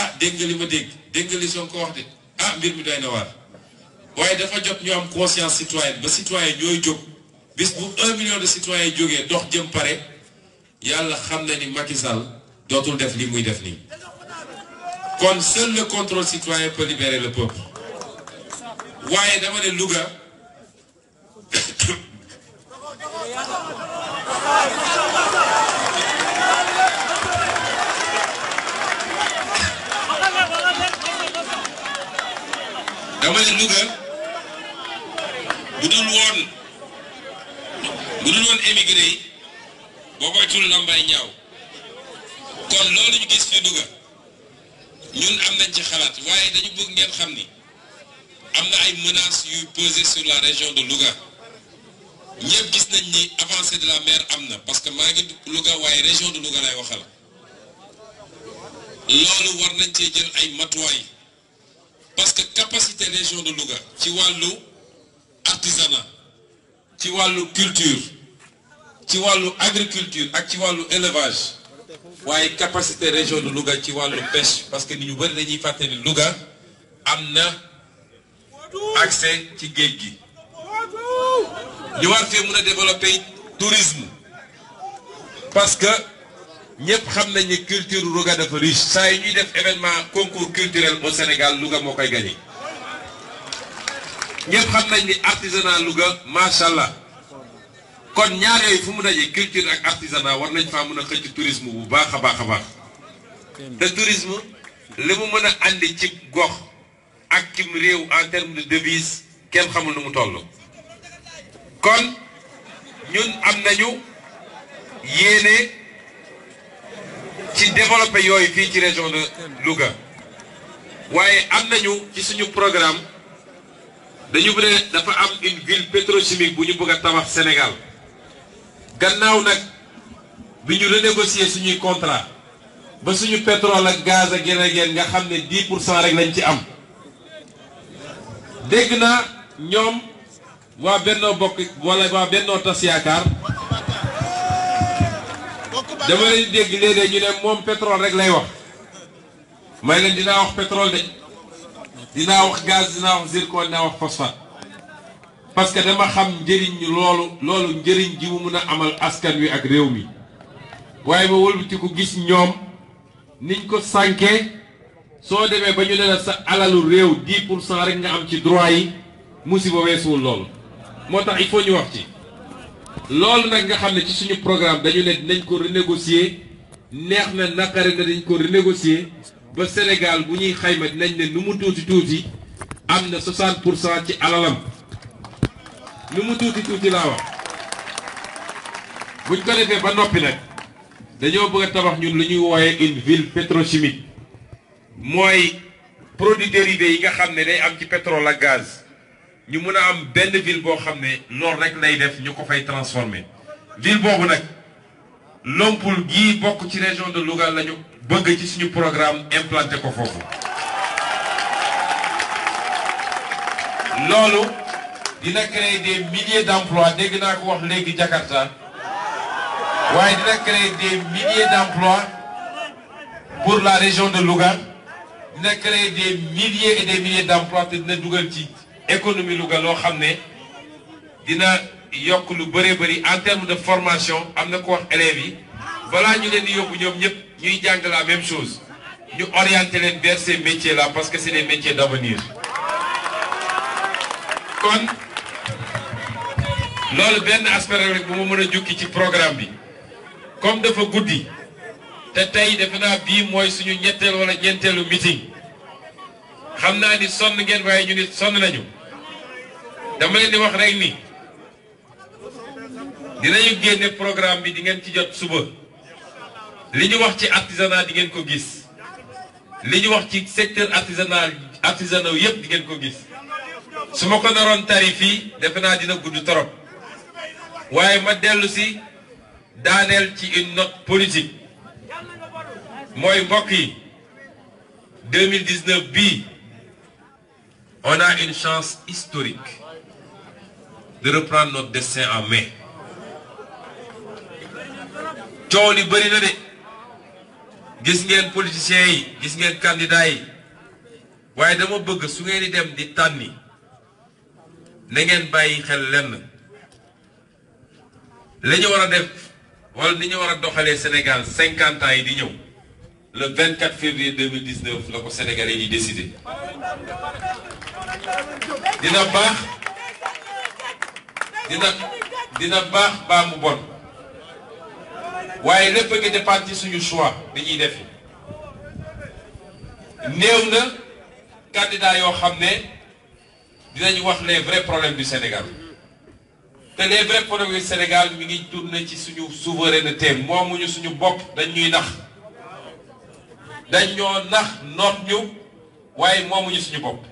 [SPEAKER 1] ah dégg li ma dégg dégg li sonko wax de ah mbir mi doyna war waaye dafa jot ñu am conscience citoyenne ba citoyen ñooy jóg bis bu 1 million de citoyen jóge dox jëm pare yàlla xam na ni makisal dootul def li muy def ni kon seul le contrôle citoyen peut libérer le peuple waaye dama ne louga t 'en
[SPEAKER 2] dama ne Louga bu dul woon
[SPEAKER 1] bu dul yi boo moytuwul lambay ñaaw kon loolu ñu gis fi Louga ñun am nañ ci xalaat waaye dañu bëgg ngeen xam ni am na ay menaces yuy peser sur la région de Louga ñëpp gis nañ ni avancée de la mer am na parce maa ngi Louga waaye région de Louga lay waxal loolu war nañ cee jël ay matuwaay. parce que capacité région de Louga vois l'eau, artisanat vois la culture ci l'eau agriculture tu vois l'eau élevage capacité région de Louga vois l'eau pêche parce que nous voulons dañuy Louga accès ci géej Tu vois, war fee mën tourisme parce que ñëpp xam nañ ni culture Louga dafa riche. saa yi ñuy def événement concours culturel au Sénégal Louga moo koy gagné ñëpp xam nañ ni artisanat Louga macha allah kon ñaar yooyu fu mu dajee culture ak artisanat war nañ faa mën a xëcc tourisme bu baax a baax a baax te tourisme li mu mën a indi ci gox ak cim réew en terme de devise kenn xamul nu mu toll. kon ñun am nañu yéene. ci développé yooyu fii ci région de Louga waaye am nañu ci suñu programme dañu bu ne dafa am une ville pétrochimique bu ñu bëgg a tabax Sénégal gannaaw nag bi ñu renégocier suñuy contrat ba suñu pétrole ak gaz ak a gen nga xam ne di pour cent rek lañ ci am dégg naa ñoom waa Bennoo Bokk walla waa Bennoo Tas Yaakaar dama leen dégg léeg ñu ne moom pétrole rek lay wax may leen dinaa wax pétrole de dinaa wax gaz dinaa wax zircon dinaa wax phosphate parce que dama xam njëriñ loolu loolu njëriñ ji mu mun a amal askan wi ak réew mi waaye ma wëlbatiku gis ñoom niñ ko sànkee soo demee ba ñu ne la sa alalu réew 10 pour cent rek nga am ci droit yi musiba weesuwul lool moo tax il faut ñu wax ci loolu nag nga xam ne ci suñu programme dañu ne dinañ ko renégocier neex na naqari na dañ ko renégocier ba Sénégal bu ñuy xayma dinañ ne nu mu tuuti tuuti am na 60 ci alalam nu mu tuuti tuuti laa wax buñ ko defee ba noppi nag dañoo bëgg a tabax ñun lu ñuy wooyee une ville pétrochimique mooy produits dérivés yi nga xam ne day am ci pétrole ak gaz. nous mun a am benn ville boo xam ne loolu rek lay def ñu fay transformer ville boobu nag Lompoul gii bokk ci région de Louga nous avons bëgg ci programme implanté ko foofu loolu a créé des milliers d'emplois dégg naa ko wax Jakarta créer des milliers d'emplois pour la région de Louga a créé des milliers et des milliers d'emplois la région dugal ci économie lu loo xam ne dina yok lu bëree bëri en terme de formation amna ko wax élèves yi balaa ñu leen di yóbbu ñoom ñuy jàng la même chose ñu orienter leen vers ces métiers là parce que c'est des métiers d'avenir kon loolu benn aspect rek bu ma jukki ci programme bi comme dafa guddi te tey defe naa bii mooy suñu ñetteel wala ñeenteelu meeting. xamna ni son ngeen way ñu ni son nañu dama leen di wax rek ni dinañu génne programme bi di ngeen ci jot suba li ñu wax ci artisanat di ngeen ko gis li ñu wax ci secteur artisanal artisanaux yépp di ngeen ko gis su ma ko naroon tarif yi defe naa dina gudd trop waaye ma dellu si daaneel ci une note politique mooy mbokk yi 2019 bii on a une chance historique de reprendre notre destin en main coow li bëri na de gis ngeen politiciens yi gis ngeen candidats yi waaye dama bëgg su ngeen di dem di tànni na ngeen bàyyi xel lenn la ñu war def wala ni ñu Sénégal 50 ans yi di le 24 février 2019 le ko Sénégalais yi décidé dina baax dina dina baax ba mu bon waye lepp a ngi dépendre ci suñu choix dañuy ñuy def néew na candidat yo xamné dinañ wax les vrais problèmes du Sénégal té les vrais problèmes du Sénégal mi ngi tourné ci suñu souveraineté moomuñu suñu bopp dañ ñuy nax dañ ñoo nax noot ñu waaye moomuñu suñu bopp.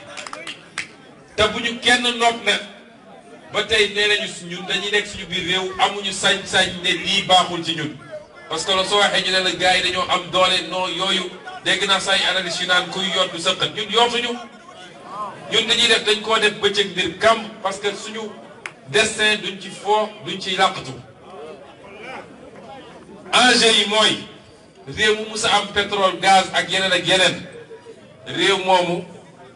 [SPEAKER 1] te bu ñu kenn nopp nag ba tey nee nañu ñun dañuy nekk suñu biir réew amuñu sañ-sañ ne lii baaxul ci ñun parce que loolu soo waxee ñu ne la gars yi dañoo am doole noo yooyu dégg naa say analyse yu naan kuy yott du sëqat ñun yottuñu ñun dañuy def dañ koo def bëccëg mbir kam parce que suñu destin duñ ci foo duñ ci làqatu enjeu yi mooy réew mu mus a am pétrole gaz ak yeneen ak yeneen réew moomu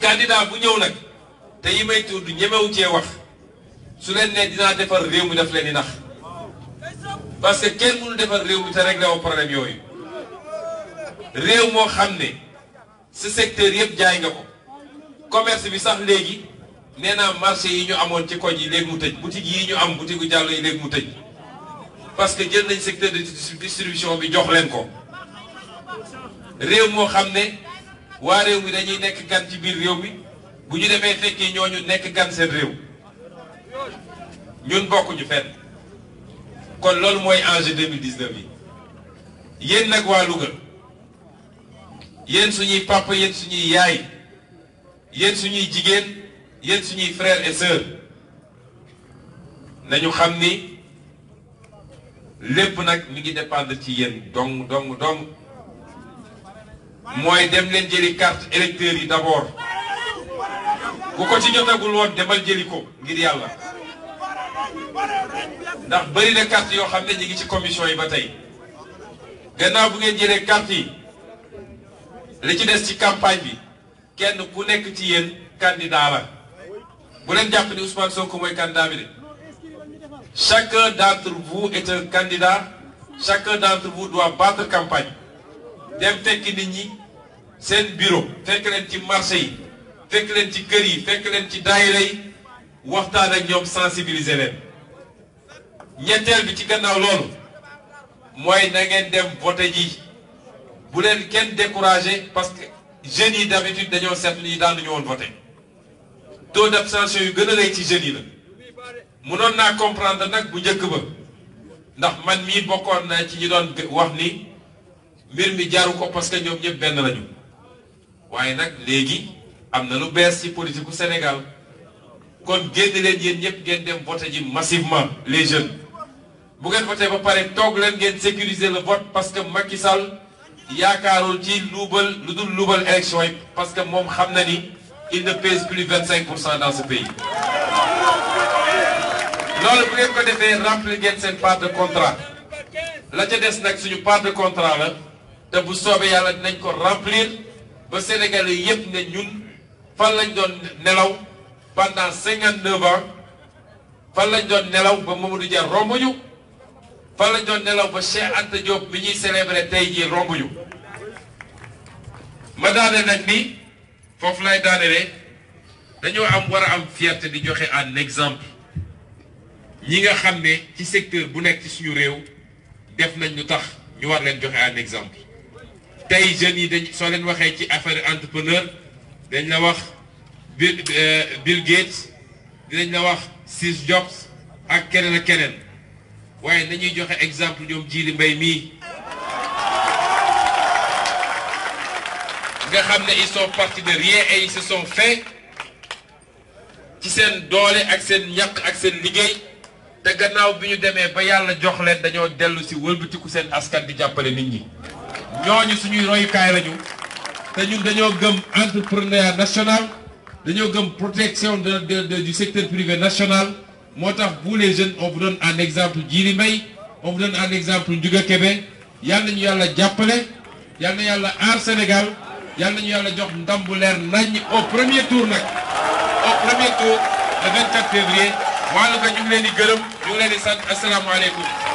[SPEAKER 1] candidat bu ñëw nag te yi may tudd ñemewu cee wax su leen nee dinaa defar réew mi daf leen di nax parce que kenn mënu defar réew mi te réglé wu problème yooyu réew moo xam ne sa secteur yëpp jaay nga ko commerce bi sax léegi nee naa marché yi ñu amoon ci koñ yi léeg mu tëj boutique yi ñu am boutique gu jàll yi léegi mu tëj parce que jël nañ secteur de distribution bi jox leen ko réew moo xam ne. waa réew mi dañuy nekk gan ci biir réew mi bu ñu defee demee ñoo ñu nekk gan seen réew ñun bokkuñu fenn kon loolu mooy enjeu 2019 yi yéen nag waa Louga yéen suñuy papa yéen suñuy yaay yéen suñuy jigéen yéen suñuy frères et sœurs nañu xam ni lépp nag mi ngi dépendre ci yéen dong dong dong moy dem len jeli carte électeur yi d'abord ku ko ci jotagul woon demal jeli ko ngir yalla ndax bari na carte yo xam ñi ngi ci commission yi batay tey gannaaw bu ngeen jëlee carte yi li ci dess ci campagne bi kenn ku nekk ci yeen candidat la bu len japp ni Ousmane Sonko moy candidat bi chacun d'entre vous est un candidat chacun d'entre vous doit battre campagne dem tekki nit ñi seen bureau fekk leen ci marché yi fekk leen ci kër yi fekk leen ci daayira yi waxtaan ak ñoom sensibiliser leen ñetteel bi ci gannaaw loolu mooy na ngeen dem voté ji bu leen kenn découragé parce que jeunes yi d'habitude dañoo seetlu ni daanuñu woon voté taux d'abstention yu gën a rëy ci jeunes yi la mënoon naa comprendre nag bu njëkk ba ndax man mii bokkoon na ci ñi doon wax ni mbir mi jaaru ko parce que ñoom ñëpp benn lañu waye nag léegi amna lu bees ci politique gu Sénégal kon génn len yeen ñep ngeen dem voter ji massivement les jeunes bu ngeen voté ba paré tok len ngeen sécuriser le vote parce que Macky Sall yaakaarul ci loubal lu loubal élection parce que mom xam na ni il ne pèse plus 25% dans ce pays loolu bu ngeen ko défé remplir ngeen sen part de contrat la ca dess nak suñu part de contrat la te bu soobee yalla dinañ ko remplir ba sénégal yëpp ne ñun fan lañ doon nelaw pendant cinquante neuf ans fan lañ doon nelaw ba Mamadou Dia romb ñu fan lañ doon nelaw ba Cheikh Anta Diop bi ñuy célébrer tey jii romb ñu ma daane nag ni foofu lay daanelee dañoo am war a am fierté di joxe en exemple ñi nga xam ne ci secteur bu nekk ci suñu réew def nañ lu tax ñu war leen joxe en exemple tey jeunes yi dañ soo leen waxee ci affaire entrepreneur dañ la wax Bill euh, Bill Gates dinañ la wax Steve Jobs ak keneen ak keneen waaye nañuy joxe exemple ñoom Djily mbay mii nga xam ne ils sont partis de rien et ils se sont faits ci seen doole ak seen ñaq ak seen liggéey te gannaaw bi ñu demee ba yàlla jox leen dañoo dellu si wëlbutiku seen askan bi jàppale nit ñi ñooñu suñuy royukaay lañu te ñun dañoo gëm entrepreneuriat national dañoo gëm protection de de du secteur privé national moo tax vous les jeunes on vous donne un exemple Djily Mbaye on vous exemple Ndiouga Kébé yal nañu yàlla jàppale yal na yàlla aar Sénégal yal nañu yàlla jox ndam bu leer nañ au premier tour nag au premier tour le 24 février. waaw ñu ngi leen di gërëm ñu ngi leen di sant
[SPEAKER 2] asalaamaaleykum.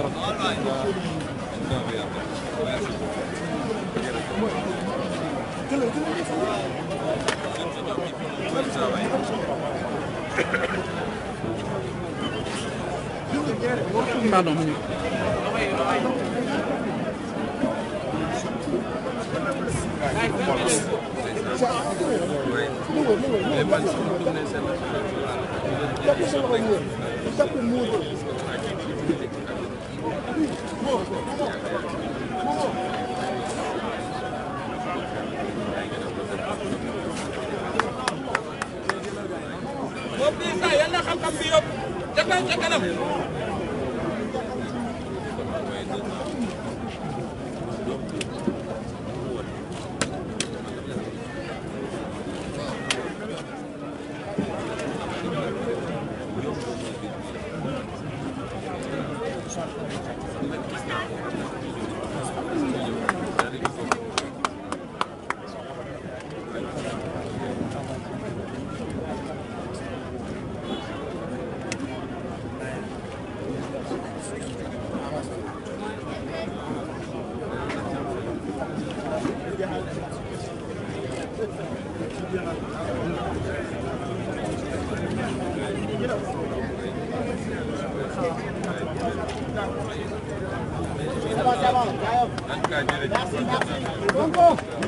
[SPEAKER 2] olarak Pardon.
[SPEAKER 3] Thank you.
[SPEAKER 1] y à a na m x bi yóbbu a kanam ca k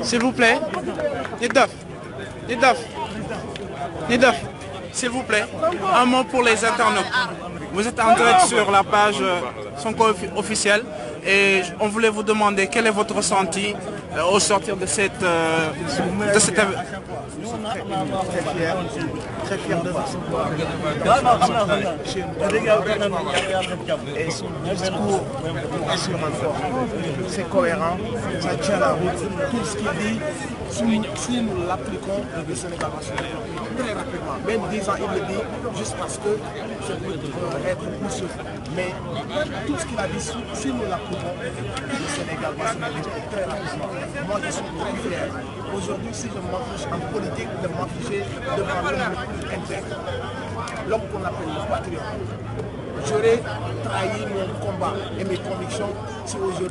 [SPEAKER 1] S'il vous plaît.
[SPEAKER 3] S'il vous plaît. Un mot pour les internautes. Vous êtes en direct sur la page euh, Sonko officielle et on voulait vous demander quel est votre ressenti euh, au sortir de cette, euh, de cette
[SPEAKER 2] 嗯。très fier de moi.
[SPEAKER 3] c'est cohérent, ça tient la route. Tout ce qu'il dit, si nous l'appliquons, le Sénégal va se très rapidement. Même 10 ans, il le dit, juste parce que je veux euh, être poussé. Mais tout ce qu'il a dit, si nous l'appliquons, le Sénégal va se développer très rapidement. Moi, je suis très fier. Aujourd'hui, si je fiche en politique, de m'afficher devant le entero. Loco con la patriota. j'aurais trahi mon combat et mes convictions si aujourd'hui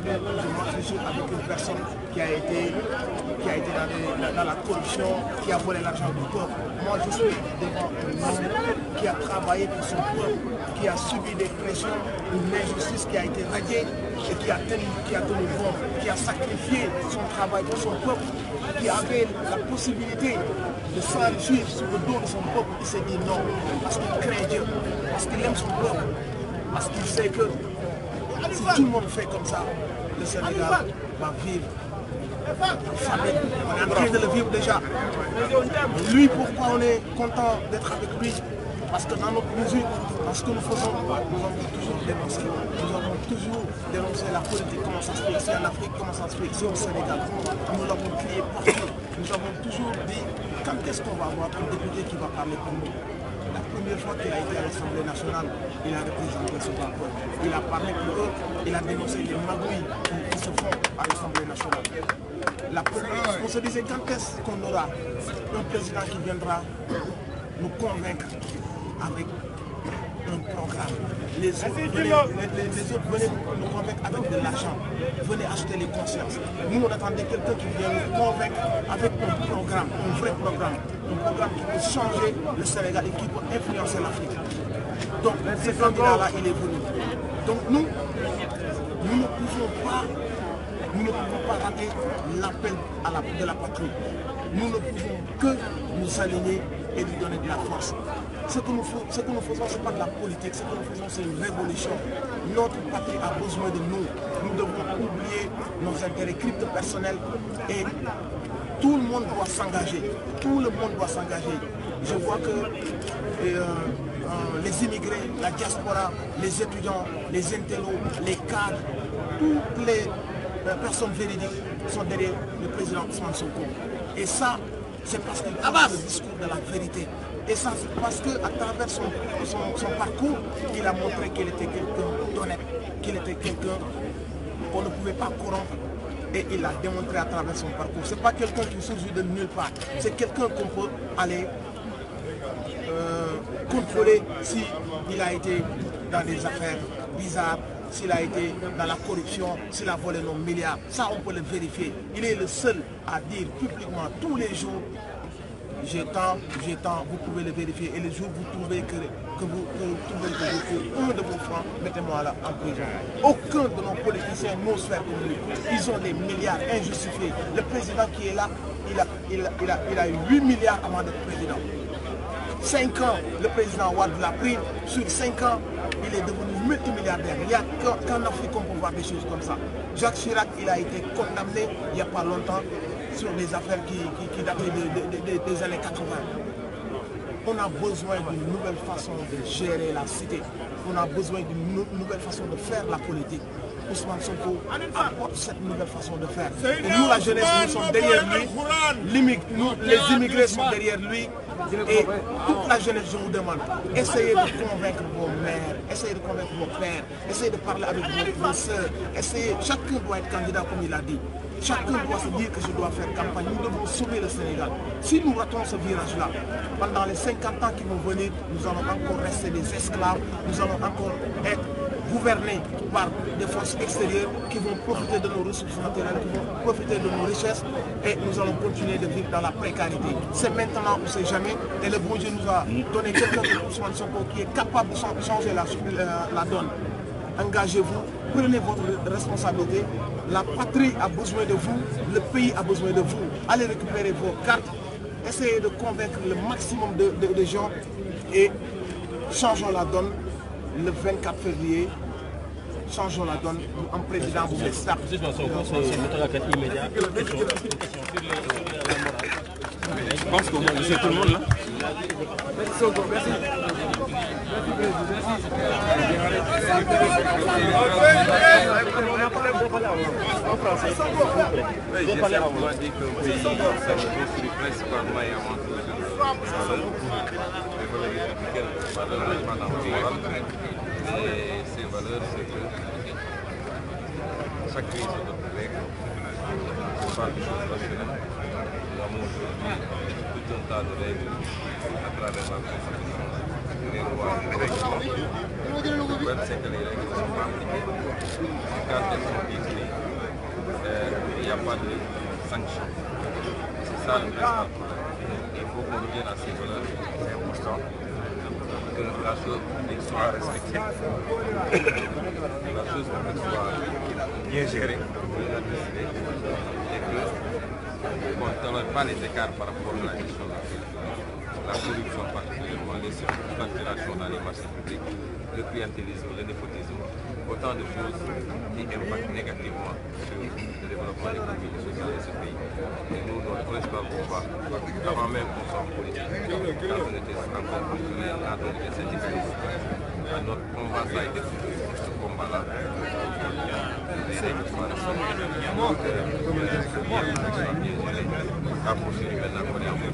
[SPEAKER 3] je suis avec une personne qui a été, qui a été dans, la corruption, qui a volé l'argent du peuple. Moi, je suis devant un homme qui a travaillé pour son peuple, qui a subi des pressions, une injustice qui a été radiée et qui a tenu, qui a tenu bon, qui a sacrifié son travail pour son peuple, qui avait la possibilité de s'enrichir sur le dos de son peuple. Il s'est dit non, parce qu'il craint Dieu parce qu'il aime son peuple, parce qu'il sait que si tout le monde fait comme ça, le Sénégal va vivre. On est en train de le vivre déjà. Lui, pourquoi on est content d'être avec lui Parce que dans notre musique, dans ce que nous faisons, nous avons toujours dénoncé. Nous avons toujours dénoncé la politique, comment ça se fait ici en Afrique, comment ça se fait ici au Sénégal. Nous l'avons crié partout. Nous avons toujours dit quand est-ce qu'on va avoir un député qui va parler pour nous première fois qu'il a été à l'Assemblée nationale, il a représenté son rapport. Il a parlé pour eux, il a dénoncé les magouilles qui se font à l'Assemblée nationale. La première disait, quand est-ce qu'on aura un président qui viendra nous convaincre avec un programme. Les autres, venez, autres venez nous convaincre avec de l'argent. Venez acheter les consciences. Nous, on attendait quelqu'un qui vienne nous convaincre avec un programme, un vrai programme qui peut changer le Sénégal et qui peut influencer l'Afrique. Donc ce candidat-là, il est venu. Donc nous, nous ne pouvons pas, nous ne pouvons pas rater l'appel la, de la patrie. Nous ne pouvons que nous aligner et lui donner de la force. Ce que nous, ce que nous faisons, ce n'est pas de la politique, ce que nous faisons, c'est une révolution. Notre patrie a besoin de nous. Nous devons oublier nos intérêts crypto-personnels et tout le monde doit s'engager. Tout le monde doit s'engager. Je vois que euh, euh, les immigrés, la diaspora, les étudiants, les intellos, les cadres, toutes les euh, personnes véridiques sont derrière le président Ousmane Sonko. Et ça, c'est parce qu'il a le discours de la vérité. Et ça, c'est parce qu'à travers son, parcours, il a montré qu'il était quelqu'un d'honnête, qu'il était quelqu'un qu'on ne pouvait pas corrompre, et il l'a démontré à travers son parcours. Ce n'est pas quelqu'un qui joue de nulle part. C'est quelqu'un qu'on peut aller euh, contrôler s'il a été dans des affaires bizarres, s'il a été dans la corruption, s'il a volé nos milliards. Ça, on peut le vérifier. Il est le seul à dire publiquement tous les jours j'étends, j'étends, vous pouvez le vérifier. Et le jour vous trouvez que, que vous, trouvez que vous un de vos francs, mettez-moi là en prison. Aucun de nos politiciens n'ose faire comme lui. Ils ont des milliards injustifiés. Le président qui est là, il a, il a, il a, 8 milliards avant d'être président. 5 ans, le président Ouad l'a pris. Sur 5 ans, il est devenu multimilliardaire. Il n'y a qu'en Afrique qu'on voir des choses comme ça. Jacques Chirac, il a été condamné il n'y a pas longtemps sur des affaires qui, datent des années 80. On a besoin d'une nouvelle façon de gérer la cité. On a besoin d'une nouvelle façon de faire la politique. Ousmane Sonko apporte cette nouvelle façon de faire. nous, la jeunesse, nous sommes derrière lui. les immigrés sont derrière lui. Et toute la jeunesse, je vous demande, essayez de convaincre vos mères, essayez de convaincre vos pères, essayez de parler avec vos, vos soeurs. Essayez, chacun doit être candidat comme il a dit. Chacun doit se dire que je dois faire campagne. Nous devons sauver le Sénégal. Si nous ratons ce virage-là, pendant les 50 ans qui vont venir, nous allons encore rester des esclaves, nous allons encore être gouvernés par des forces extérieures qui vont profiter de nos ressources naturelles, qui vont profiter de nos richesses et nous allons continuer de vivre dans la précarité. C'est maintenant ou c'est jamais et le bon Dieu nous a donné quelqu'un de Ousmane Sonko qui est capable de changer la euh, donne. Engagez-vous prenez votre responsabilité. La patrie a besoin de vous, le pays a besoin de vous. Allez récupérer vos cartes, essayez de convaincre le maximum de, gens et changeons la donne le 24 février changeons la donne en président vous
[SPEAKER 1] Je pense monde Merci. Sem
[SPEAKER 2] valor, sem Essa crise do Pelé, o fato de chutar, o amor, o tentado, através da nossa website ali like this complicate. You can't download easily. Uh, yeah, but sanction. It's all investment. Il faut qu'on revienne à ces valeurs. C'est important. Que la chose soit respectée. la chose soit bien gérée. Et que, bon, on ne pas les écarts par rapport à la gestion de la ville. la corruption particulièrement les surfacturations dans les marchés publics, le clientélisme, le népotisme, autant de choses qui impactent négativement sur le développement économique et social de ce pays. Et nous, notre principal combat, avant même qu'on soit en politique, quand on était encore fonctionnaire, quand on était syndicaliste, notre combat, ça a été ce combat-là. La procédure maintenant qu'on est en